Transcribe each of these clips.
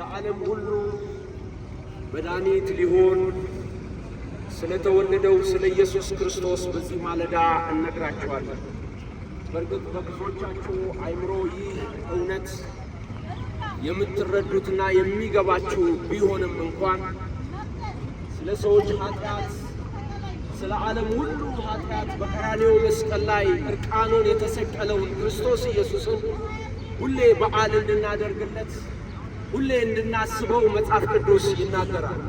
ለዓለም ሁሉ መድኃኒት ሊሆን ስለተወለደው ስለ ኢየሱስ ክርስቶስ በዚህ ማለዳ እነግራችኋለን። በእርግጥ በብዙዎቻችሁ አይምሮ ይህ እውነት የምትረዱትና የሚገባችሁ ቢሆንም እንኳን ስለ ሰዎች ኃጢአት ስለ ዓለም ሁሉ ኃጢአት በቀራንዮ መስቀል ላይ እርቃኑን የተሰቀለውን ክርስቶስ ኢየሱስን ሁሌ በዓል እንድናደርግለት ሁሌ እንድናስበው መጽሐፍ ቅዱስ ይናገራል።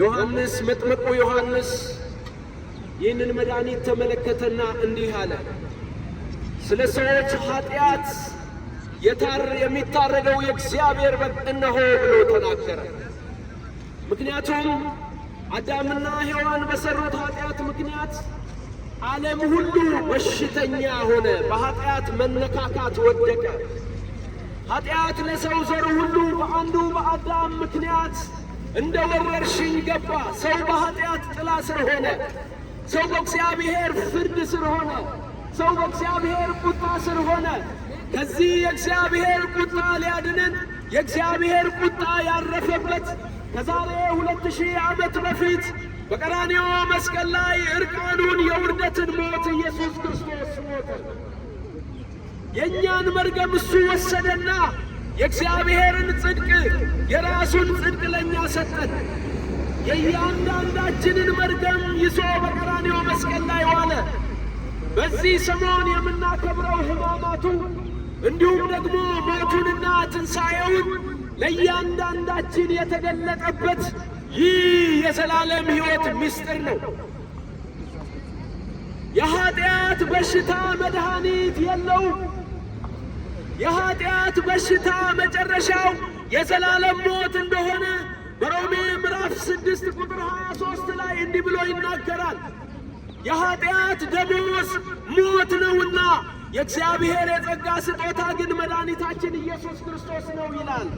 ዮሐንስ መጥምቁ ዮሐንስ ይህንን መድኃኒት ተመለከተና እንዲህ አለ፣ ስለ ሰዎች ኃጢአት የሚታረገው የእግዚአብሔር በግ እነሆ ብሎ ተናገረ። ምክንያቱም አዳምና ሔዋን በሠሩት ኃጢአት ምክንያት ዓለም ሁሉ በሽተኛ ሆነ፣ በኃጢአት መነካካት ወደቀ። ኃጢአት ለሰው ዘር ሁሉ በአንዱ በአዳም ምክንያት እንደ ወረርሽኝ ገባ። ሰው በኃጢአት ጥላ ስር ሆነ። ሰው በእግዚአብሔር ፍርድ ስር ሆነ። ሰው በእግዚአብሔር ቁጣ ስር ሆነ። ከዚህ የእግዚአብሔር ቁጣ ሊያድንን የእግዚአብሔር ቁጣ ያረፈበት ከዛሬ ሁለት ሺህ ዓመት በፊት በቀራንዮ መስቀል ላይ ዕርቃኑን የውርደትን የእኛን መርገም እሱ ወሰደና የእግዚአብሔርን ጽድቅ የራሱን ጽድቅ ለእኛ ሰጠን። የእያንዳንዳችንን መርገም ይዞ በቀራንዮ መስቀል ላይ ዋለ። በዚህ ሰሞን የምናከብረው ሕማማቱ እንዲሁም ደግሞ ሞቱንና ትንሣኤውን ለእያንዳንዳችን የተገለጠበት ይህ የዘላለም ሕይወት ምስጢር ነው። የኀጢአት በሽታ መድኃኒት የለውም። የኃጢአት በሽታ መጨረሻው የዘላለም ሞት እንደሆነ በሮሜ ምዕራፍ ስድስት ቁጥር ሀያ ሦስት ላይ እንዲህ ብሎ ይናገራል። የኃጢአት ደሞዝ ሞት ነውና የእግዚአብሔር የጸጋ ስጦታ ግን መድኃኒታችን ኢየሱስ ክርስቶስ ነው ይላል።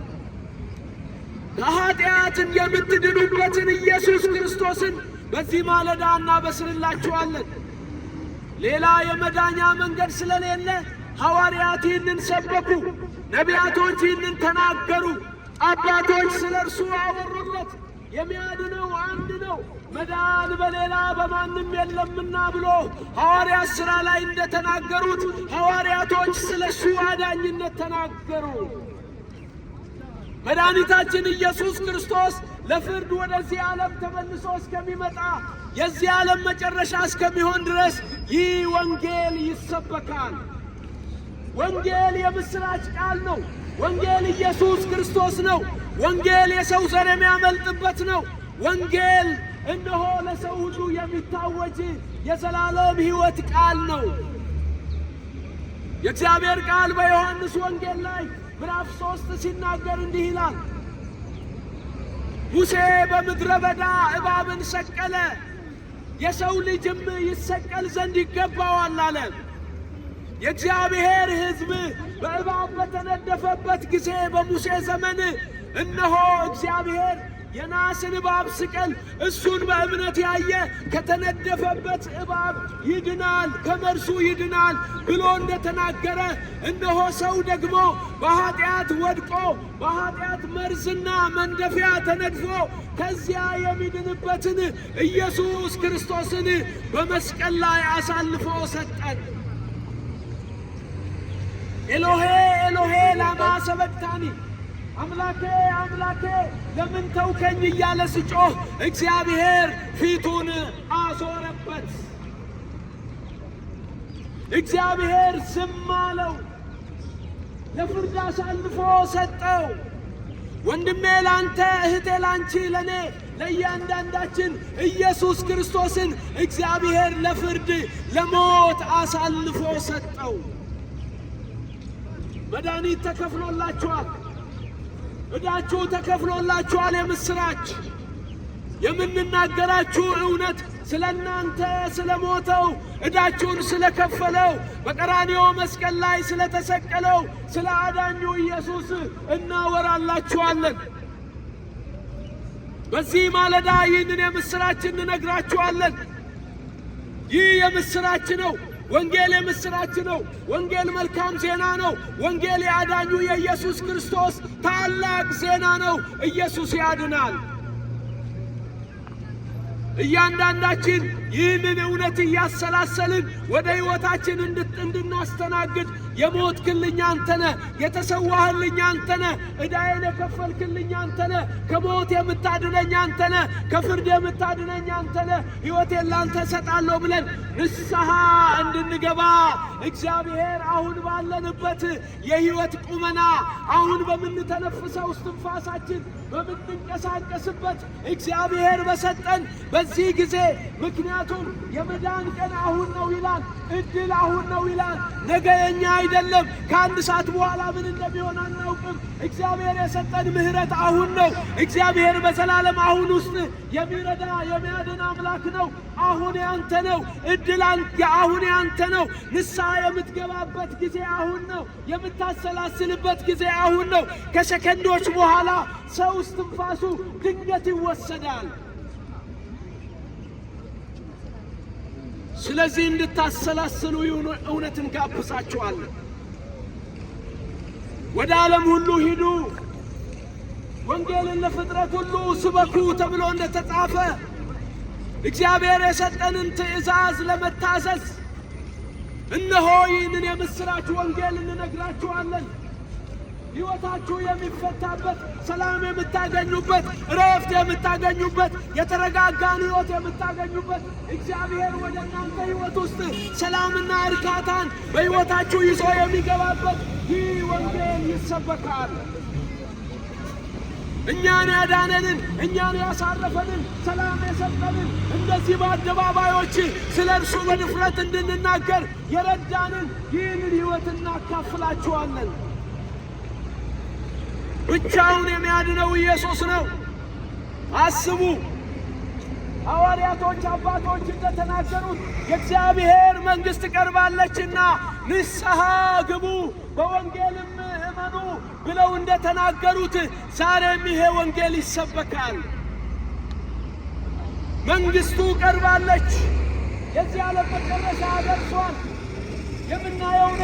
ከኃጢአትን የምትድኑበትን ኢየሱስ ክርስቶስን በዚህ ማለዳ እናበስርላችኋለን። ሌላ የመዳኛ መንገድ ስለሌለ ሐዋርያት ይህንን ሰበኩ፣ ነቢያቶች ይህንን ተናገሩ፣ አባቶች ስለ እርሱ አወሩለት። የሚያድነው አንድ ነው፣ መዳን በሌላ በማንም የለምና ብሎ ሐዋርያት ሥራ ላይ እንደተናገሩት ሐዋርያቶች ስለ እሱ አዳኝነት ተናገሩ። መድኃኒታችን ኢየሱስ ክርስቶስ ለፍርድ ወደዚህ ዓለም ተመልሶ እስከሚመጣ የዚህ ዓለም መጨረሻ እስከሚሆን ድረስ ይህ ወንጌል ይሰበካል። ወንጌል የምስራች ቃል ነው። ወንጌል ኢየሱስ ክርስቶስ ነው። ወንጌል የሰው ዘር የሚያመልጥበት ነው። ወንጌል እነሆ ለሰው ሁሉ የሚታወጅ የዘላለም ሕይወት ቃል ነው። የእግዚአብሔር ቃል በዮሐንስ ወንጌል ላይ ምዕራፍ ሦስት ሲናገር እንዲህ ይላል፣ ሙሴ በምድረ በዳ እባብን ሰቀለ፣ የሰው ልጅም ይሰቀል ዘንድ ይገባዋል አለ። የእግዚአብሔር ሕዝብ በእባብ በተነደፈበት ጊዜ በሙሴ ዘመን እነሆ እግዚአብሔር የናስን እባብ ስቀል እሱን በእምነት ያየ ከተነደፈበት እባብ ይድናል፣ ከመርሱ ይድናል ብሎ እንደተናገረ እነሆ ሰው ደግሞ በኃጢአት ወድቆ በኃጢአት መርዝና መንደፊያ ተነድፎ ከዚያ የሚድንበትን ኢየሱስ ክርስቶስን በመስቀል ላይ አሳልፎ ሰጠን። ኤሎሄ ኤሎሄ ላማ ሰበቅታኒ አምላኬ አምላኬ ለምን ተውከኝ እያለ ስጮህ እግዚአብሔር ፊቱን አዞረበት። እግዚአብሔር ዝም አለው፣ ለፍርድ አሳልፎ ሰጠው። ወንድሜ ላንተ፣ እህቴ ላንቺ፣ ለእኔ ለእያንዳንዳችን ኢየሱስ ክርስቶስን እግዚአብሔር ለፍርድ ለሞት አሳልፎ ሰጠው። መድኃኒት ተከፍሎላችኋል። እዳችሁ ተከፍሎላችኋል። የምስራች የምንናገራችሁ እውነት ስለ እናንተ ስለ ሞተው እዳችሁን ስለ ከፈለው በቀራንዮ መስቀል ላይ ስለ ተሰቀለው ስለ አዳኙ ኢየሱስ እናወራላችኋለን። በዚህ ማለዳ ይህንን የምስራች እንነግራችኋለን። ይህ የምስራች ነው። ወንጌል የምስራች ነው። ወንጌል መልካም ዜና ነው። ወንጌል ያዳኙ የኢየሱስ ክርስቶስ ታላቅ ዜና ነው። ኢየሱስ ያድናል። እያንዳንዳችን ይህንን እውነት እያሰላሰልን ወደ ሕይወታችን እንድናስተናግድ የሞት ክልኛ አንተነ፣ የተሰዋህልኝ አንተነ፣ ዕዳዬን የከፈልክልኝ አንተነ፣ ከሞት የምታድነኝ አንተነ፣ ከፍርድ የምታድነኝ አንተነ፣ ሕይወቴን ላንተ እሰጣለሁ ብለን ንስሐ እንድንገባ እግዚአብሔር አሁን ባለንበት የሕይወት ቁመና አሁን በምንተነፍሰው እስትንፋሳችን በምንንቀሳቀስበት እግዚአብሔር በሰጠን በዚህ ጊዜ ምክንያት ምክንያቱም የመዳን ቀን አሁን ነው ይላል። እድል አሁን ነው ይላል። ነገ የኛ አይደለም። ከአንድ ሰዓት በኋላ ምን እንደሚሆን አናውቅም። እግዚአብሔር የሰጠን ምሕረት አሁን ነው። እግዚአብሔር በዘላለም አሁን ውስጥ የሚረዳ የሚያድን አምላክ ነው። አሁን ያንተ ነው። እድል አሁን ያንተ ነው። ንስሐ የምትገባበት ጊዜ አሁን ነው። የምታሰላስልበት ጊዜ አሁን ነው። ከሰከንዶች በኋላ ሰው እስትንፋሱ ድንገት ይወሰዳል። ስለዚህ እንድታሰላስሉ እውነትን ጋብዛችኋለሁ። ወደ ዓለም ሁሉ ሂዱ፣ ወንጌልን ለፍጥረት ሁሉ ስበኩ ተብሎ እንደ እግዚአብሔር የሰጠንን ትእዛዝ ለመታዘዝ እነሆ ይህንን የምሥራች ወንጌል እንነግራችኋለን። ሕይወታችሁ የሚፈታበት፣ ሰላም የምታገኙበት፣ ረፍት የምታገኙበት፣ የተረጋጋን ሕይወት የምታገኙበት እግዚአብሔር ወደ እናንተ ሕይወት ውስጥ ሰላምና እርካታን በሕይወታችሁ ይዞ የሚገባበት ይህ ወንጌል ይሰበካል። እኛን ያዳነንን እኛን ያሳረፈንን ሰላም የሰጠንን እንደዚህ በአደባባዮች ስለ እርሱ በድፍረት እንድንናገር የረዳንን ይህንን ሕይወት እናካፍላችኋለን። ብቻውን የሚያድነው ኢየሱስ ነው። አስቡ። ሐዋርያቶች አባቶች እንደተናገሩት የእግዚአብሔር መንግሥት ቀርባለችና ንስሐ ግቡ በወንጌልም እመኑ ብለው እንደተናገሩት ዛሬም ይሄ ወንጌል ይሰበካል። መንግሥቱ ቀርባለች። የዚህ ዓለም መጨረሻ ደርሷል። የምናየው